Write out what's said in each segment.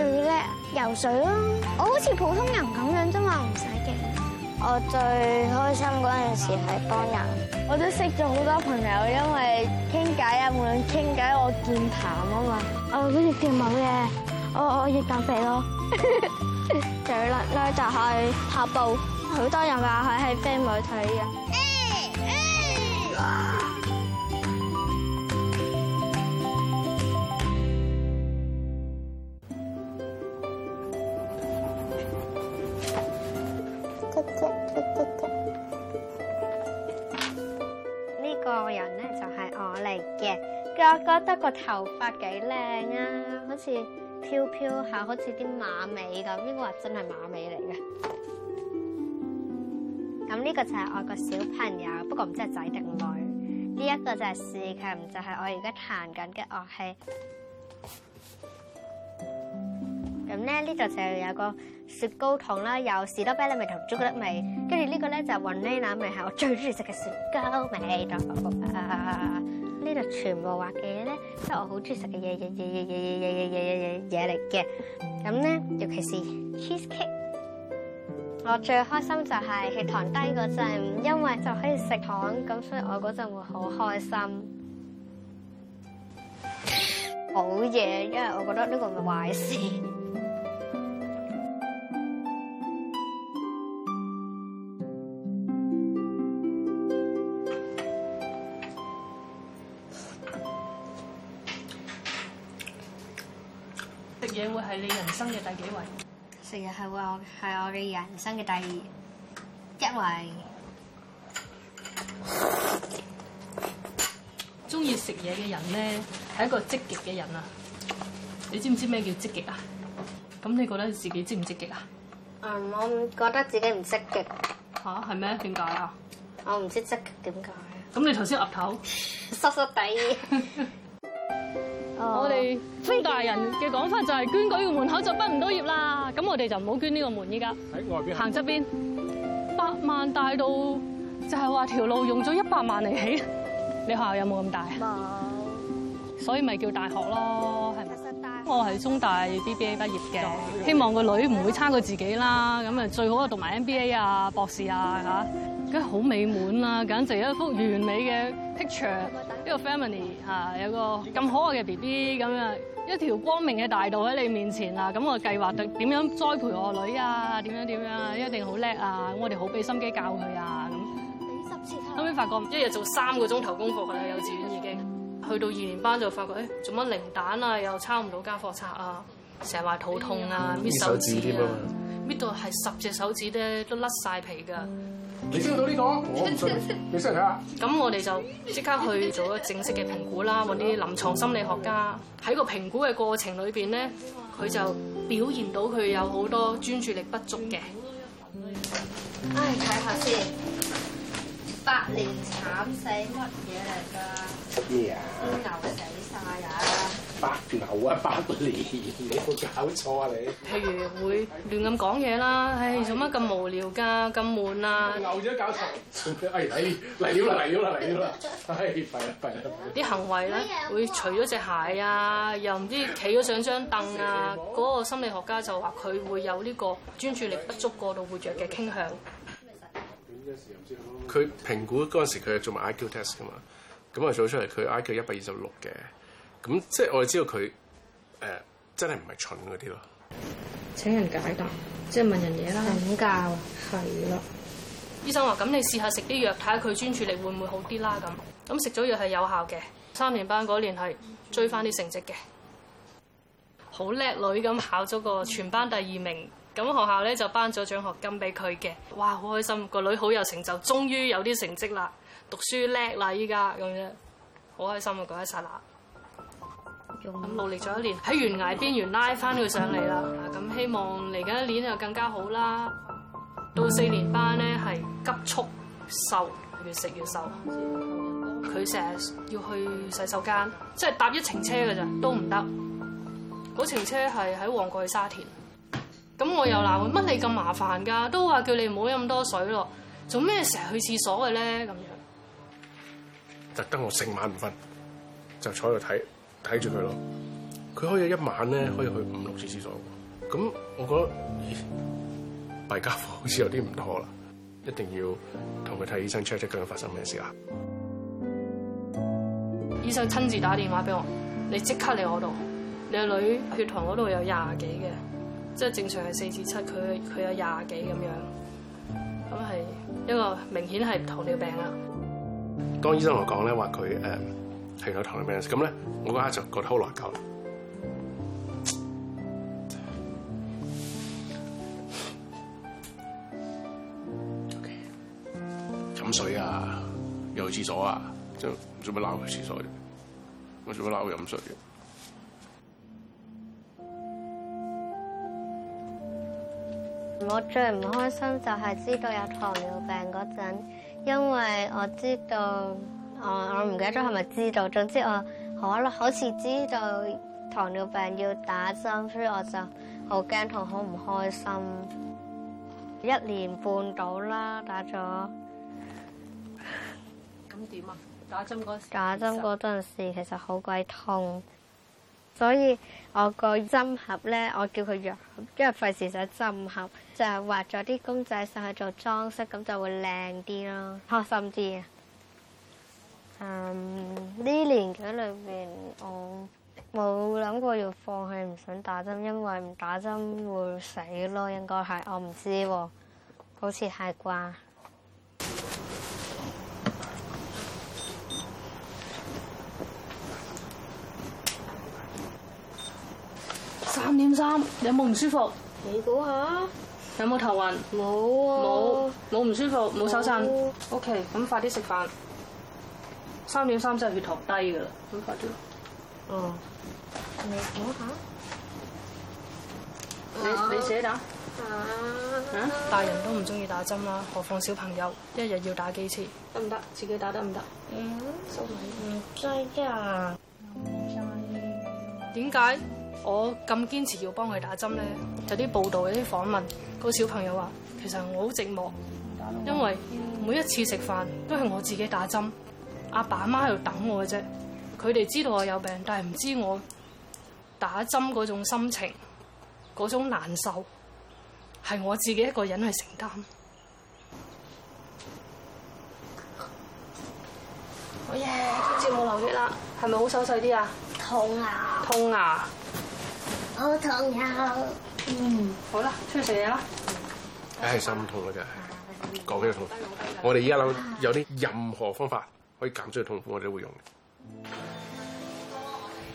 最叻游水咯，我好似普通人咁樣啫嘛，唔使驚。我最開心嗰陣時係幫人，我都識咗好多朋友，因為傾偈啊，無論傾偈我健談啊嘛。我好似跳舞嘅，我我易減肥咯。最叻咧就係跑步，好多人話佢係喺飛女睇嘅。就係、是、我嚟嘅，佢覺得個頭髮幾靚啊，好似飄飄下，好似啲馬尾咁，應該話真係馬尾嚟嘅。咁呢個就係我個小朋友，不過唔知係仔定女。呢、這、一個就係豎琴，就係、是、我而家彈緊嘅樂器。呢度就有個雪糕糖啦，有士多啤梨味、同朱古力味，跟住呢個咧就雲呢拿味，係我最中意食嘅雪糕味。呢度全部畫嘅嘢咧，即係我好中意食嘅嘢嘢嘢嘢嘢嘢嘢嘢嘢嘢嘢嘢嚟嘅。咁咧，尤其是 cheesecake，我最開心就係血糖低嗰陣，因為就可以食糖，咁所以我嗰陣會好開心。冇嘢，因為我覺得呢個唔係壞事。幾位？成日係我係我嘅人生嘅第二一位。中意食嘢嘅人咧，係一個積極嘅人啊！你知唔知咩叫積極啊？咁你覺得自己積唔積極啊？誒、嗯，我覺得自己唔積極。吓？係咩？點解啊？我唔知積極點解？咁你剛才頭先岌頭濕濕地。縮縮 我哋中大人嘅講法就係捐舉嘅門口就畢唔到業啦，咁我哋就唔好捐呢個門依家。喺外邊行側邊，百萬大道就係話條路用咗一百萬嚟起。你學校有冇咁大？冇，所以咪叫大學咯，係咪？我係中大 BBA 畢業嘅，希望個女唔會差過自己啦，咁啊最好啊讀埋 MBA 啊博士啊嚇，梗係好美滿啊，簡直一幅完美嘅 picture。呢個 family 啊，有個咁可愛嘅 B B 咁啊，一條光明嘅大道喺你面前啊，咁我計劃點點樣栽培我女啊？點樣點樣啊？一定好叻啊！咁我哋好俾心機教佢啊咁。後尾發覺一日做三個鐘頭功課喺幼稚園已經，去到二年班就發覺誒，做、欸、乜零蛋啊？又抄唔到家課冊啊！成日話肚痛啊，搣、嗯、手指啊，搣到係十隻手指咧都甩晒皮㗎。你識到呢個嗎？我唔你識啊？咁 我哋就即刻去做一個正式嘅評估啦，揾啲臨床心理學家喺個評估嘅過程裏邊咧，佢就表現到佢有好多專注力不足嘅。唉，睇下先，百年慘死乜嘢嚟㗎？咩啊？牛一百年，你冇搞錯啊你！你譬如會亂咁講嘢啦，唉、哎，做乜咁無聊㗎，咁悶啊！牛咗搞嚿頭，哎，嚟咗啦，嚟咗啦，嚟咗啦，係、哎，係啊，係啊！啲行為咧，會除咗隻鞋啊，又唔知企咗上張凳啊，嗰、那個心理學家就話佢會有呢個專注力不足過度活躍嘅傾向。佢評估嗰陣時，佢係做埋 IQ test 㗎嘛，咁啊做出嚟佢 IQ 一百二十六嘅。咁即係我哋知道佢、呃、真係唔係蠢嗰啲咯。請人解答，即係問人嘢啦。請教係咯，醫生話：咁你試下食啲藥，睇下佢專注力會唔會好啲啦。咁咁食咗藥係有效嘅。三年班嗰年係追翻啲成績嘅，好叻女咁考咗個全班第二名。咁學校咧就頒咗獎學金俾佢嘅。哇，好開心個女好有成就，終於有啲成績啦，讀書叻啦，依家咁樣好開心啊！嗰一剎那。咁努力咗一年，喺懸崖邊緣拉翻佢上嚟啦。咁希望嚟緊一年就更加好啦。到四年班咧，係急速瘦，越食越瘦。佢成日要去洗手間，即係搭一程車噶咋，都唔得。嗰程車係喺旺角去沙田。咁我又鬧佢，乜你咁麻煩噶？都話叫你唔好飲咁多水咯。做咩成日去廁所嘅咧？咁樣。特登我成晚唔瞓，就坐喺度睇。睇住佢咯，佢可以一晚咧可以去五六次廁所，咁我覺得咦，弊、欸、家伙好似有啲唔妥啦，一定要同佢睇醫生 check check 究竟發生咩事啊！醫生親自打電話俾我，你即刻嚟我度，你個女血糖嗰度有廿幾嘅，即係正常係四至七，佢佢有廿幾咁樣，咁係一個明顯係糖尿病啦。當醫生嚟講咧話佢誒。說他呃係有糖尿病咁咧，那我嗰刻就覺得好難受。飲水啊，又去廁所啊，做做乜鬧去廁所？我做乜鬧去飲水？我最唔開心就係知道有糖尿病嗰陣，因為我知道。哦、我我唔記得咗係咪知道，總之我可能好似知道糖尿病要打針，所以我就好驚同好唔開心。一年半到啦，打咗。咁點啊？打針嗰時打針嗰陣時，其實好鬼痛，所以我個針盒咧，我叫佢藥，因為費事洗針盒，就畫咗啲公仔上去做裝飾，咁就會靚啲咯。開心啲啊！嗯，呢年嘅裏邊，我冇諗過要放棄，唔想打針，因為唔打針會死咯，應該係，我唔知喎，好似係啩。三點三，有冇唔舒服？你估下，有冇頭暈？冇啊，冇，冇唔舒服，冇手震。OK，咁快啲食飯。三點三真係血糖低㗎啦，佢發燒，哦，你你你寫打，嚇、啊，大人都唔中意打針啦，何況小朋友，一日要打幾次，得唔得？自己打得唔得？唔、嗯，唔得噶，唔得。點解我咁堅持要幫佢打針咧？就啲、是、報道有啲訪問，個小朋友話：其實我好寂寞，因為每一次食飯都係我自己打針。阿爸阿媽喺度等我嘅啫，佢哋知道我有病，但係唔知我打針嗰種心情，嗰種難受係我自己一個人去承擔。好嘢，今朝冇流血啦，係咪好手勢啲啊？痛啊！痛啊！好痛啊！嗯，好啦，出去食嘢啦。唉，心痛啊！真係講起痛，我哋而家諗有啲任何方法，可以減咗痛苦，我哋會用嘅。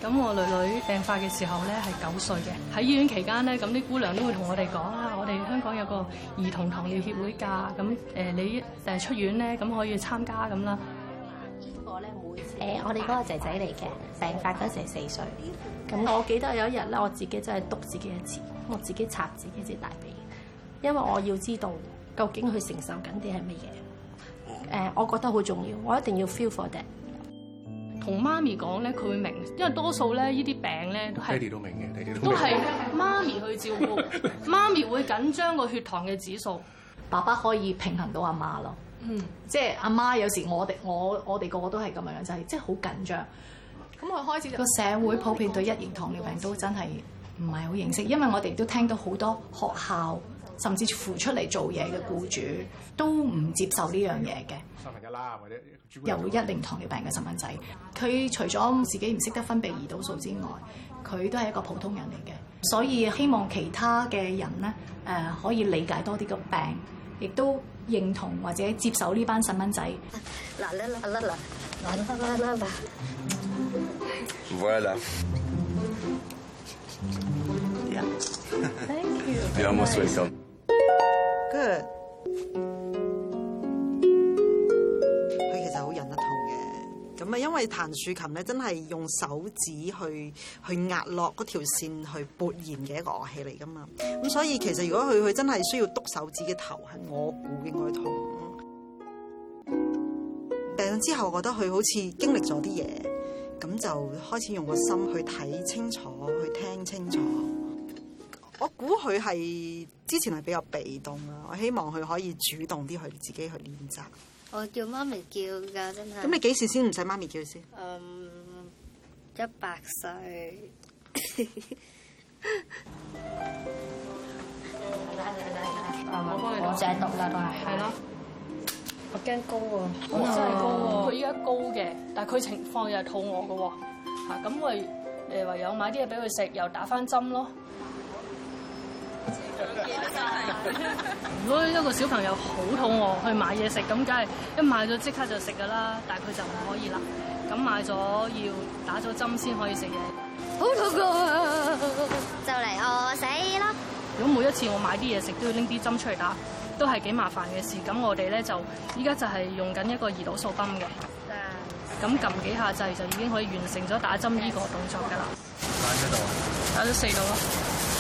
咁我女女病發嘅時候咧，係九歲嘅。喺醫院期間咧，咁啲姑娘都會同我哋講啊，我哋香港有個兒童糖尿協會噶，咁誒、呃、你誒、呃、出院咧，咁可以參加咁啦。依、欸、個咧，每誒我哋嗰個仔仔嚟嘅，病發嗰陣時四歲。咁我記得有一日咧，我自己真係督自己一次，我自己插自己隻大髀，因為我要知道究竟佢承受緊啲係乜嘢。誒、嗯，我覺得好重要，我一定要 feel for that。同媽咪講咧，佢會明，因為多數咧依啲病咧都係爹哋都明嘅，都係媽咪去照顧， 媽咪會緊張個血糖嘅指數。爸爸可以平衡到阿媽咯。嗯，即係阿媽，媽有時我哋我我哋個個都係咁樣，就係即係好緊張。咁、嗯、佢開始個社會普遍對一型糖尿病都真係唔係好認識、嗯，因為我哋都聽到好多學校。甚至乎出嚟做嘢嘅雇主都唔接受呢樣嘢嘅。有一啦，零糖尿病嘅細蚊仔，佢除咗自己唔識得分泌胰島素之外，佢都係一個普通人嚟嘅，所以希望其他嘅人咧，誒、呃、可以理解多啲個病，亦都認同或者接受呢班細蚊仔。嗱啦啦啦啦啦，啦啦啦啦啦。Voila。 Yeah. Thank you. You are most welcome. 佢其實好忍得痛嘅，咁啊，因為彈豎琴咧，真係用手指去去壓落嗰條線去撥弦嘅一個樂器嚟噶嘛，咁所以其實如果佢佢真係需要督手指嘅頭，係我估應該痛。病之後，我覺得佢好似經歷咗啲嘢，咁就開始用個心去睇清楚，去聽清楚。我估佢係之前係比較被動啊，我希望佢可以主動啲去自己去練習。我叫媽咪叫㗎，真係。咁你幾時先唔使媽咪叫先？嗯，一百歲。 我幫你讀了拜拜，我淨係讀啦都係。係咯，我驚高喎、啊。我真係高喎、啊，佢依家高嘅，但係佢情況又係肚餓嘅喎。咁我誒唯有買啲嘢俾佢食，又打翻針咯。 如果一個小朋友好肚餓，去買嘢食，咁梗係一買咗即刻就食噶啦。但係佢就唔可以啦，咁買咗要打咗針先可以食嘢。好肚餓，就嚟餓死啦！如果每一次我買啲嘢食都要拎啲針出嚟打，都係幾麻煩嘅事。咁我哋咧就依家就係用緊一個胰島素泵嘅，咁 撳幾下掣就已經可以完成咗打針呢個動作噶啦。打咗幾多？打咗四度咯，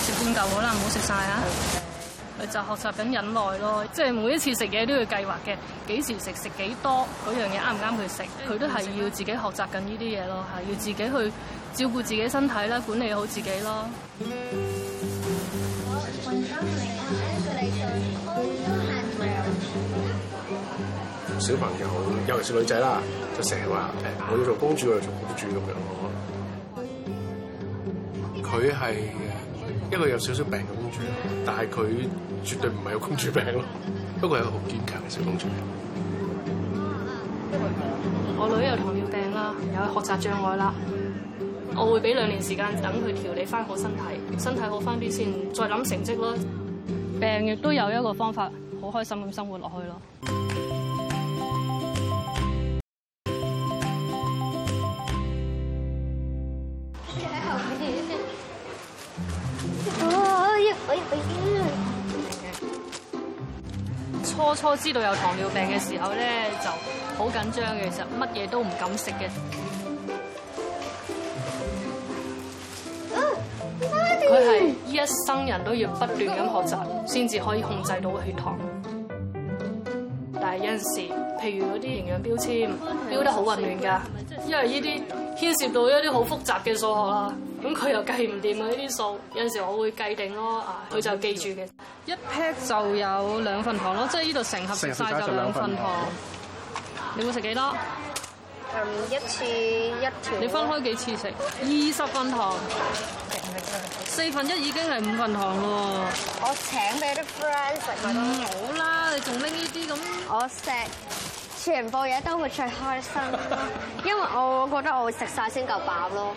食半嚿好喇，唔好食晒啊！ 佢就學習緊忍耐咯，即係每一次食嘢都要計劃嘅，幾時食，食幾多，嗰樣嘢啱唔啱佢食，佢都係要自己學習緊呢啲嘢咯，嚇，要自己去照顧自己身體啦，管理好自己咯。小朋友，尤其是女仔啦，就成日話誒，我要做公主，我要做公主咁樣咯。佢係。一個有少少病嘅公主，但係佢絕對唔係有公主病咯，不過係一個好堅強嘅小公主病。我女有糖尿病啦，有學習障礙啦，我會俾兩年時間等佢調理翻好身體，身體好翻啲先，再諗成績咯。病亦都有一個方法，好開心咁生活落去咯。初初知道有糖尿病嘅時候咧，就好緊張嘅，其實乜嘢都唔敢食嘅。佢、啊、係一生人都要不斷咁學習，先至可以控制到血糖。但係有陣時，譬如嗰啲營養標籤標得好混亂噶，因為呢啲牽涉到一啲好複雜嘅數學啦。咁佢又計唔掂啊，呢啲數，有陣時我會計定咯，啊，佢就記住嘅。一 pack 就有兩份糖咯，嗯，即係呢度成盒食晒就兩份糖。你會食幾多？一次一條。你分開幾次食？二十份糖。四分一已經係五份糖咯。我請俾啲 friend 食。唔、嗯、好啦，你仲拎呢啲咁？我食全部嘢都會最開心， 因為我覺得我會食晒先夠飽咯。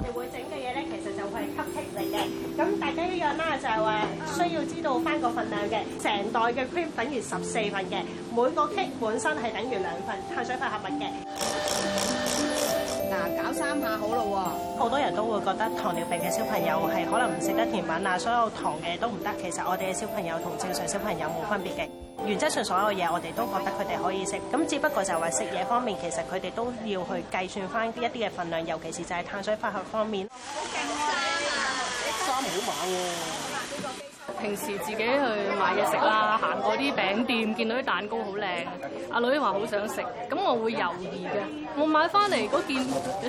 你哋會整嘅嘢咧，其實就係 cupcake 嚟嘅。咁大家呢樣咧就係話需要知道翻個份量嘅。成袋嘅 cream 等於十四份嘅，每個 cake 本身係等於兩份碳水化合物嘅。嗱，搞三下好咯。好多人都會覺得糖尿病嘅小朋友係可能唔食得甜品啊，所有糖嘅都唔得。其實我哋嘅小朋友同正常小朋友冇分別嘅，原則上所有嘢我哋都覺得佢哋可以食。咁只不過就係話食嘢方面，其實佢哋都要去計算返一啲嘅份量，尤其是就係碳水化合物方面。好勁啊！啲衫好碼喎。平時自己去買嘢食啦，行過啲餅店，見到啲蛋糕好靚，阿女話好想食，咁我會猶豫嘅。我買翻嚟嗰件，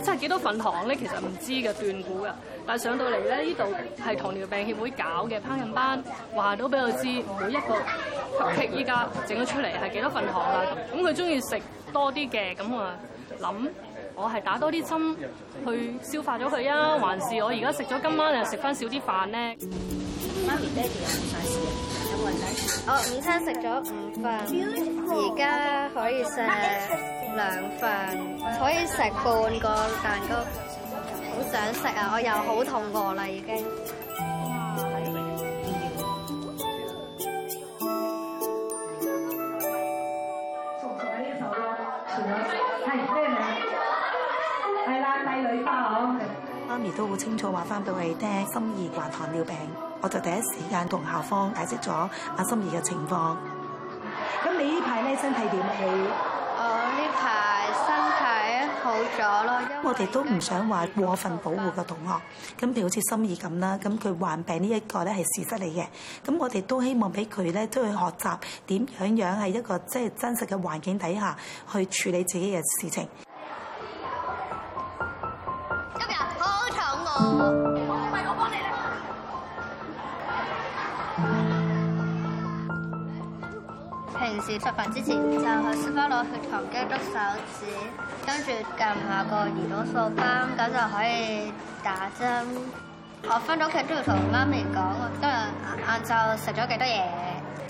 真係幾多份糖咧？其實唔知嘅，斷估嘅。但係上到嚟咧，呢度係糖尿病協會搞嘅烹飪班，話到俾我知每一個 recipe 依家整咗出嚟係幾多份糖啦。咁佢中意食多啲嘅，咁我諗我係打多啲針去消化咗佢啊，還是我而家食咗今晚又食翻少啲飯咧？媽咪、爹哋又唔想食，有冇人想食？我午餐食咗五份，而家可以食兩份，可以食半個蛋糕。好、哦、想食啊！我又好肚餓啦，已經。哇、哎嗯，送俾你，送啦！係，靚女，係啦，細女花媽咪都好清楚話翻到係爹心意患糖尿病。我就第一時間同校方解釋咗阿心儀嘅情況。咁你呢排咧身體點？我呢排身體好咗咯。因為我哋都唔想話過分保護個同學。咁譬如好似心儀咁啦，咁佢患病呢一個咧係事實嚟嘅。咁我哋都希望俾佢咧都去學習點樣樣喺一個即係真實嘅環境底下，去處理自己嘅事情。今日好寵我。平時食飯之前就去書包攞血糖機篤手指，跟住撳下個胰島素泵，咁就可以打針。我返到屋企都要同媽咪講，今日晏晝食咗幾多嘢，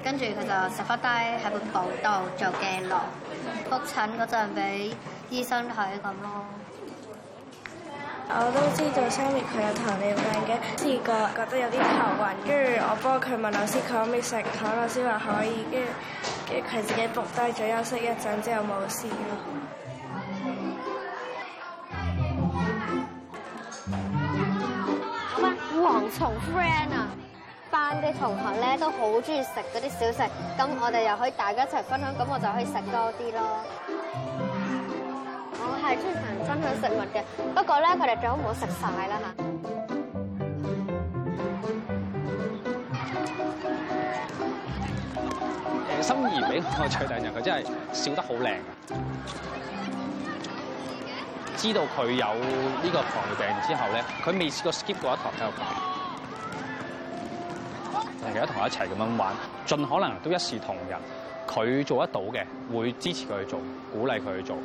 跟住佢就食翻低喺本簿度做記錄。復診嗰陣俾醫生睇咁咯。我都知道 Sammi 佢有糖尿病嘅，試過覺得有啲頭暈，跟住我幫佢問老師，佢可唔可以食糖？老師話可以，跟住。佢自己伏低咗休息一陣之後冇事咯。好啊，蝗蟲 friend 啊，班啲同學咧都好中意食嗰啲小食，咁我哋又可以大家一齊分享，咁我就可以食多啲咯。我係中意同人分享食物嘅，不過咧佢哋最好唔好食晒啦嚇。因而俾我最定人，佢真係笑得好靚。知道佢有呢個糖尿病之後咧，佢未試過 skip 過一堂體育課。成日都同我一齊咁樣玩，盡可能都一視同仁。佢做得到嘅，會支持佢去做，鼓勵佢去做。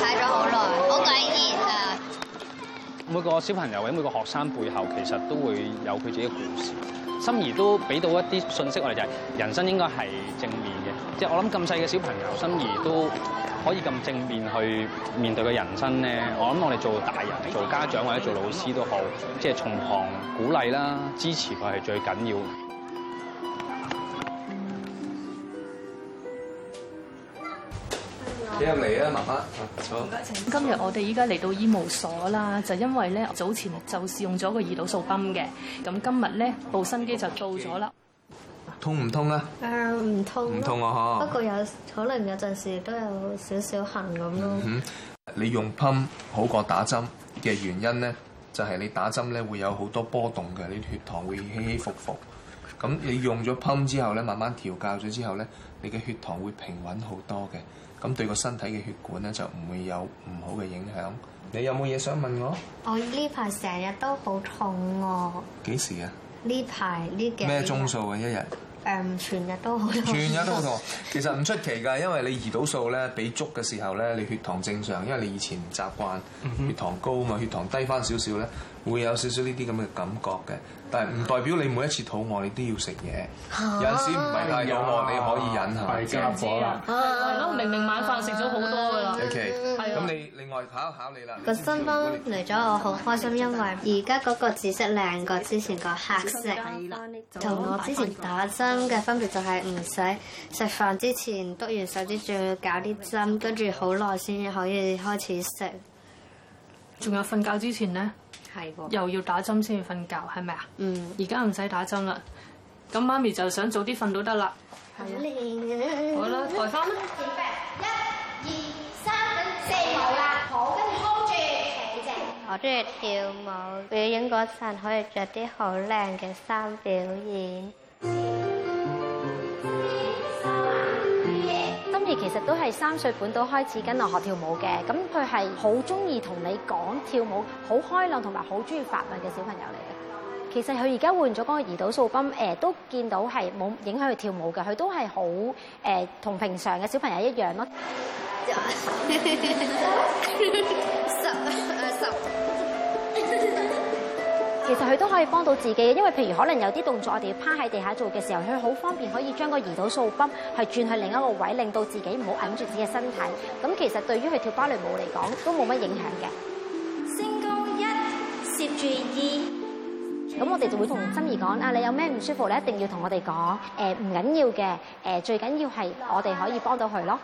睇咗好耐，好鬼熱啊！每個小朋友，喺每個學生背後，其實都會有佢自己嘅故事。心儀都俾到一啲信息。我哋就係人生應該係正面嘅，即係我諗咁細嘅小朋友，心儀都可以咁正面去面對嘅人生咧。我諗我哋做大人、做家長或者做老師都好，即係從旁鼓勵啦、支持佢係最緊要。嚟啊，媽媽。好。今日我哋依家嚟到醫務所啦，就因為咧早前就試用咗個胰島素泵嘅，咁今日咧部新機就到咗啦。痛唔痛啊？誒，唔痛唔痛啊！呵。不過有可能有陣時都有少少痕咁咯。嗯，你用泵好過打針嘅原因咧，就係你打針咧會有好多波動嘅，你血糖會起起伏伏。嗯。咁你用咗泵之後咧，慢慢調教咗之後咧，你嘅血糖會平穩好多嘅。咁對個身體嘅血管咧，就唔會有唔好嘅影響。你有冇嘢想問我？我呢排成日都好痛喎、啊。幾時啊？呢排呢幾？咩鐘數啊？一日？誒，全日都好痛。全日都好痛。 其實唔出奇㗎，因為你胰島素咧俾足嘅時候咧，你血糖正常。因為你以前唔習慣血糖高啊嘛、嗯，血糖低翻少少咧，會有少少呢啲咁嘅感覺嘅。唔代表你每一次肚餓你都要食嘢、啊，有時唔係㗎，有餓你可以忍下。唔知啊，係、啊、咯，明明晚飯食咗好多啦、啊、OK，咁、啊、你另外考一考你啦。個新包嚟咗，我好開心，因為而家嗰個紫色靚過之前個黑色，同我之前打針嘅分別就係唔使食飯之前篤完手指，仲要搞啲針，跟住好耐先可以開始食。仲有瞓覺之前咧？啊、又要打針先至瞓覺，係咪啊？嗯，而家唔使打針啦。咁媽咪就想早啲瞓到得啦。好靚嘅好啦，台山 一二三，四台啦。好，跟住 hold 住。幾正？ 我中意跳舞。表演嗰陣可以着啲好靚嘅衫表演。Mm -hmm. 嗯其實都係三歲半都開始跟我學跳舞嘅，咁佢係好中意同你講跳舞，好開朗同埋好中意發問嘅小朋友嚟嘅。其實佢而家換咗個胰島素泵，誒都見到係冇影響佢跳舞嘅，佢都係好誒同平常嘅小朋友一樣咯。 其實佢都可以幫到自己嘅，因為譬如可能有啲動作，我哋趴喺地下做嘅時候，佢好方便可以將個胰島素泵係轉去另一個位，令到自己唔好揞住自己嘅身體。咁其實對於佢跳芭蕾舞嚟講，都冇乜影響嘅。身高一，攝住二。咁我哋就會同珍兒講啊，你有咩唔舒服咧，一定要同我哋講。誒唔緊要嘅，誒最緊要係我哋可以幫到佢咯。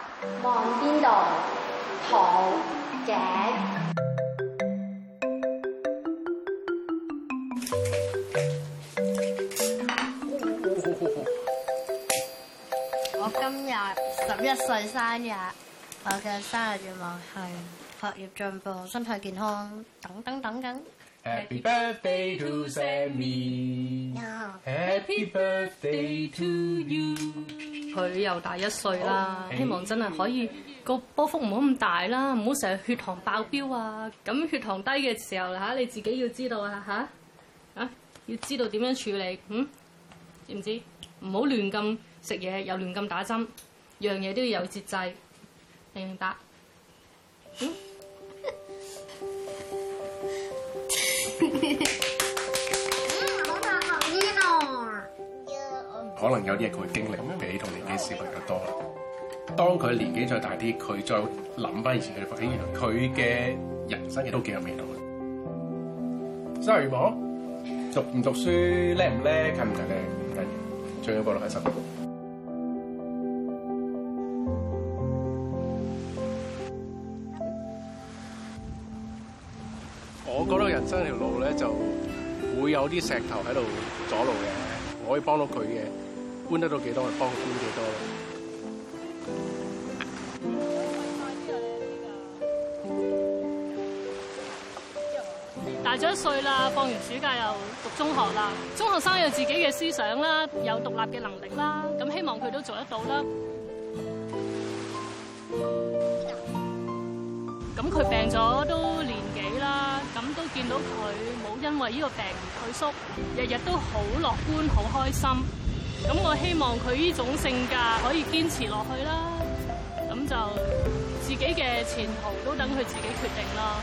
望邊度？頭。一歲生日，我嘅生日願望係學業進步、身體健康等等等等。Happy birthday to Sammi！No. Happy birthday to you！佢又大一歲啦，Oh. Hey.，希望真係可以個波幅唔好咁大啦，唔好成日血糖爆標啊！咁血糖低嘅時候吓，你自己要知道啊吓啊，要知道點樣處理，嗯，知唔知？唔好亂咁食嘢，又亂咁打針。樣嘢都要有節制，明唔明白？嗯，可能有啲嘢佢會經歷比同年紀小朋友多啦。當佢年紀再大啲，佢再諗翻以前嘅風景，佢嘅人生亦都幾有味道嘅。所以，讀唔讀書叻唔叻，勤唔勤力，唔緊要，將佢記錄喺心。三條路咧，就會有啲石頭喺度阻路嘅。我可以幫到佢嘅，搬得到幾多就幫佢搬幾多。大咗一歲啦，放完暑假又讀中學啦，中學生有自己嘅思想啦，有獨立嘅能力啦，咁希望佢都做得到啦。咁佢病咗都年。見到佢冇因為呢個病而退縮，日日都好樂觀、好開心。咁我希望佢呢種性格可以堅持落去啦。咁就自己嘅前途都等佢自己決定啦。